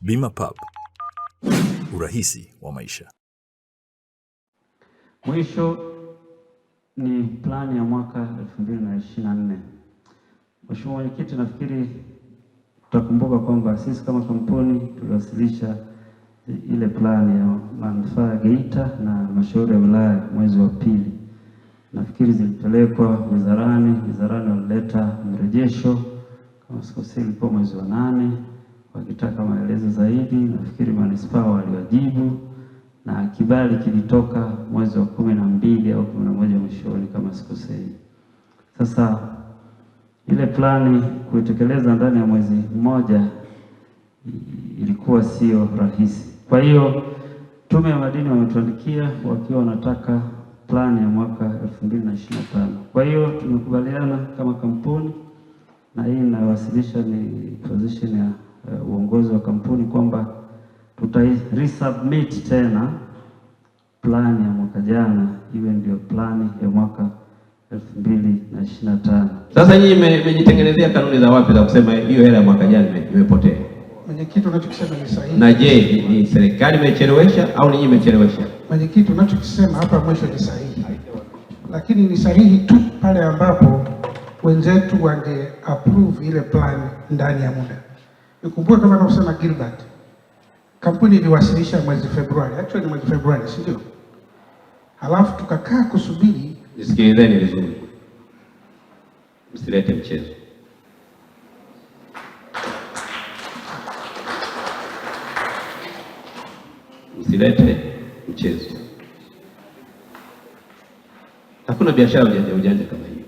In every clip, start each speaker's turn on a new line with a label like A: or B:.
A: Bima Pub, urahisi wa maisha.
B: Mwisho ni plani ya mwaka 2024. Mheshimiwa Mwenyekiti, nafikiri tutakumbuka kwamba sisi kama kampuni tuliwasilisha ile plani ya manufaa ya Geita na halmashauri ya wilaya mwezi wa pili. Nafikiri zilipelekwa wizarani, wizarani walileta mrejesho kama sikosi, ilikuwa mwezi wa nane wakitaka maelezo zaidi. Nafikiri manispaa waliwajibu na kibali kilitoka mwezi wa kumi na mbili au kumi na moja mwishoni kama sikosei. Sasa ile plani kuitekeleza ndani ya mwezi mmoja ilikuwa sio rahisi. Kwa hiyo Tume ya Madini wametuandikia wakiwa wanataka plani ya mwaka 2025. Kwa hiyo tumekubaliana kama kampuni na hii inawasilisha ni position ya uh, uongozi wa kampuni kwamba resubmit tena plani ya mwaka jana iwe ndio plani ya mwaka 2025.
C: Sasa nyinyi mmejitengenezea kanuni za wapi za kusema hiyo hela ya mwaka jana imepotea?
D: Mwenyekiti, unachokisema ni sahihi.
C: Na je, ni serikali imechelewesha au ninyi mmechelewesha?
D: Mwenyekiti, unachokisema hapa mwisho ni sahihi, lakini ni sahihi tu pale ambapo wenzetu wange approve ile plan ndani ya muda Nikumbuke kama anavyosema Gilbert, kampuni iliwasilisha mwezi Februari, actually ni mwezi Februari, si ndio? Halafu tukakaa kusubiri.
C: Nisikilizeni vizuri, msilete mchezo. Msilete mchezo. Hakuna biashara ujanja ujanja kama hiyo.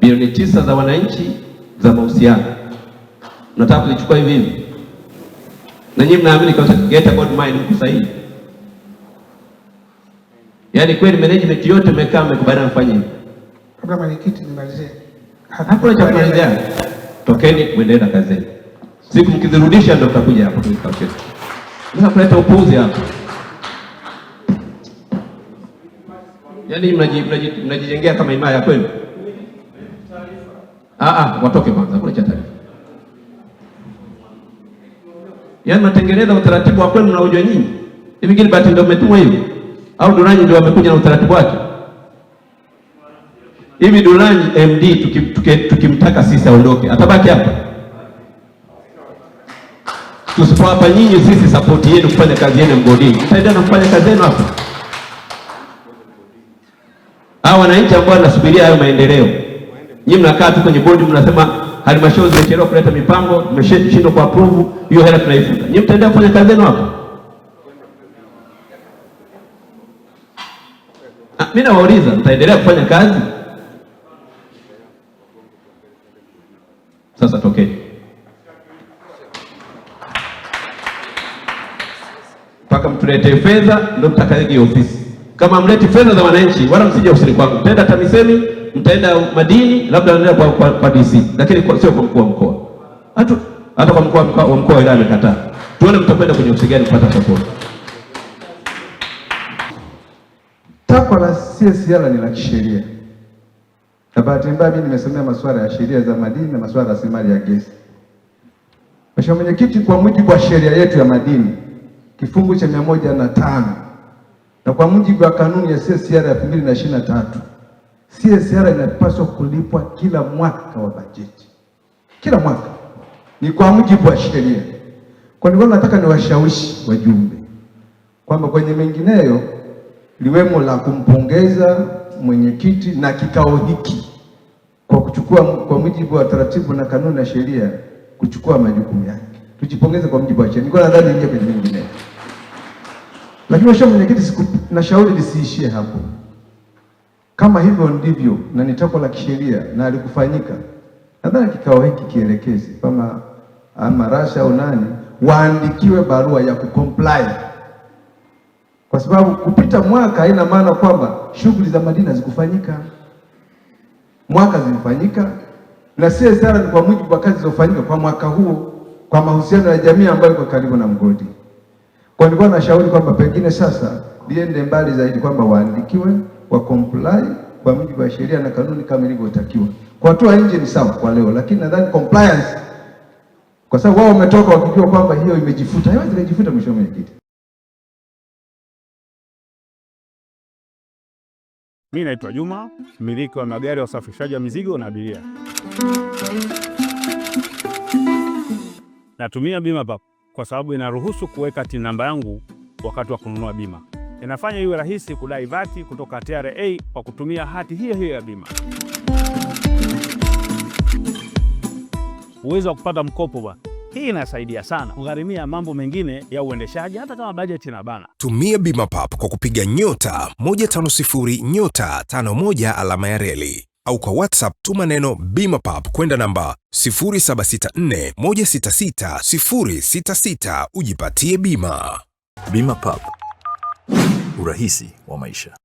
C: Bilioni tisa za wananchi za mahusiano Mnataka kulichukua hivi hivi, na nyinyi mnaamini kwa sababu get about mind huko sahihi. Yaani kweli management yote mmekaa mmekubaliana kufanya hivi.
D: Kabla mwenyekiti, nimalizie
C: hakuna cha kuelezea, tokeni muendelee na kazi zenu. Siku mkizirudisha ndio mtakuja hapa kwa kesho. Sasa kuleta upuuzi hapa. Yaani mnajijengea kama imaya kwenu. Ah ah, watoke kwanza. Kuna cha Yaani mnatengeneza utaratibu wa kwenu mnaojua nyinyi. Hivi kile bahati ndio umetumwa hivi? Au Duranyi ndio wamekuja na utaratibu wake? Hivi Duranyi MD tukimtaka tuki, tuki sisi aondoke, atabaki hapa. Tusipo hapa nyinyi sisi support yenu kufanya kazi yenu mgodini. Mtaendelea na kufanya kazi yenu hapa. Hawa wananchi ambao wanasubiria hayo maendeleo. Nyinyi mnakaa tu kwenye bodi mnasema halmashauri zimechelewa kuleta mipango, mmeshindwa kwa approve hiyo hela, tunaifuta. Nyinyi mtaendelea kufanya kazi zenu hapo? Ah, mimi nawauliza, mtaendelea kufanya kazi? Sasa tokeni mpaka mtuletee fedha, ndio mtakayoje ofisi. Kama mleti fedha za wananchi, wala msije ofisini kwangu, tenda TAMISEMI mtaenda madini labda anaenda kwa, kwa, kwa DC, lakini sio kwa mkuu wa mkoa. Hata hata kwa mkuu wa mkoa ile amekataa. Tuone mtakwenda kwenye ofisi gani kupata support.
B: Takwa la CSR ni la kisheria, na bahati mbaya mimi nimesomea masuala ya sheria za madini na masuala ya rasilimali ya gesi. Mheshimiwa Mwenyekiti, kwa mujibu wa sheria yetu ya madini kifungu cha mia moja na tano na kwa mujibu wa kanuni ya CSR ya elfu mbili na ishirini na tatu CSR inapaswa kulipwa kila mwaka wa bajeti, kila mwaka, ni kwa mujibu wa sheria. Kwa hivyo nataka niwashawishi wajumbe kwamba kwenye mengineyo liwemo la kumpongeza mwenyekiti na kikao hiki kwa kuchukua kwa mujibu wa taratibu na kanuni na sheria kuchukua majukumu yake. Tujipongeze kwa mujibu wa sheria. Nilikuwa nadhani ingia kwenye mengineyo, lakini mheshimiwa mwenyekiti, nashauri lisiishie hapo. Kama hivyo ndivyo na ni takwa la kisheria na alikufanyika, nadhani kikao hiki kielekezi kama ama ah, Rasha au nani waandikiwe barua ya kucomply, kwa sababu kupita mwaka haina maana kwamba shughuli za madini zikufanyika. Mwaka zilifanyika na CSR ni kwa mujibu wa kazi zilizofanyika kwa mwaka huo, kwa mahusiano ya jamii ambayo iko karibu na mgodi. Kwa nilikuwa nashauri kwamba pengine sasa liende mbali zaidi kwamba waandikiwe wa comply kwa mujibu wa sheria na kanuni kama ilivyotakiwa. kwa Kuwatoa nje ni sawa kwa leo, lakini nadhani compliance, kwa sababu wao wametoka wakijua kwamba hiyo imejifuta, hiyo imejifuta. Mheshimiwa Mwenyekiti,
E: mimi naitwa Juma, mmiliki wa magari ya usafirishaji wa mizigo na abiria. Natumia bima papo kwa sababu inaruhusu kuweka TIN namba yangu wakati wa kununua bima inafanya iwe rahisi kudai vati kutoka TRA kwa kutumia hati hiyo hiyo ya bima. Uwezo wa kupata mkopo ba hii inasaidia sana kugharimia mambo mengine ya uendeshaji hata kama bajeti na bana.
F: Tumia bima pap kwa kupiga nyota 150 nyota 51 alama ya reli au kwa WhatsApp tuma neno bima pap kwenda namba 0764166066 ujipatie bima.
A: Bima pap Urahisi wa maisha.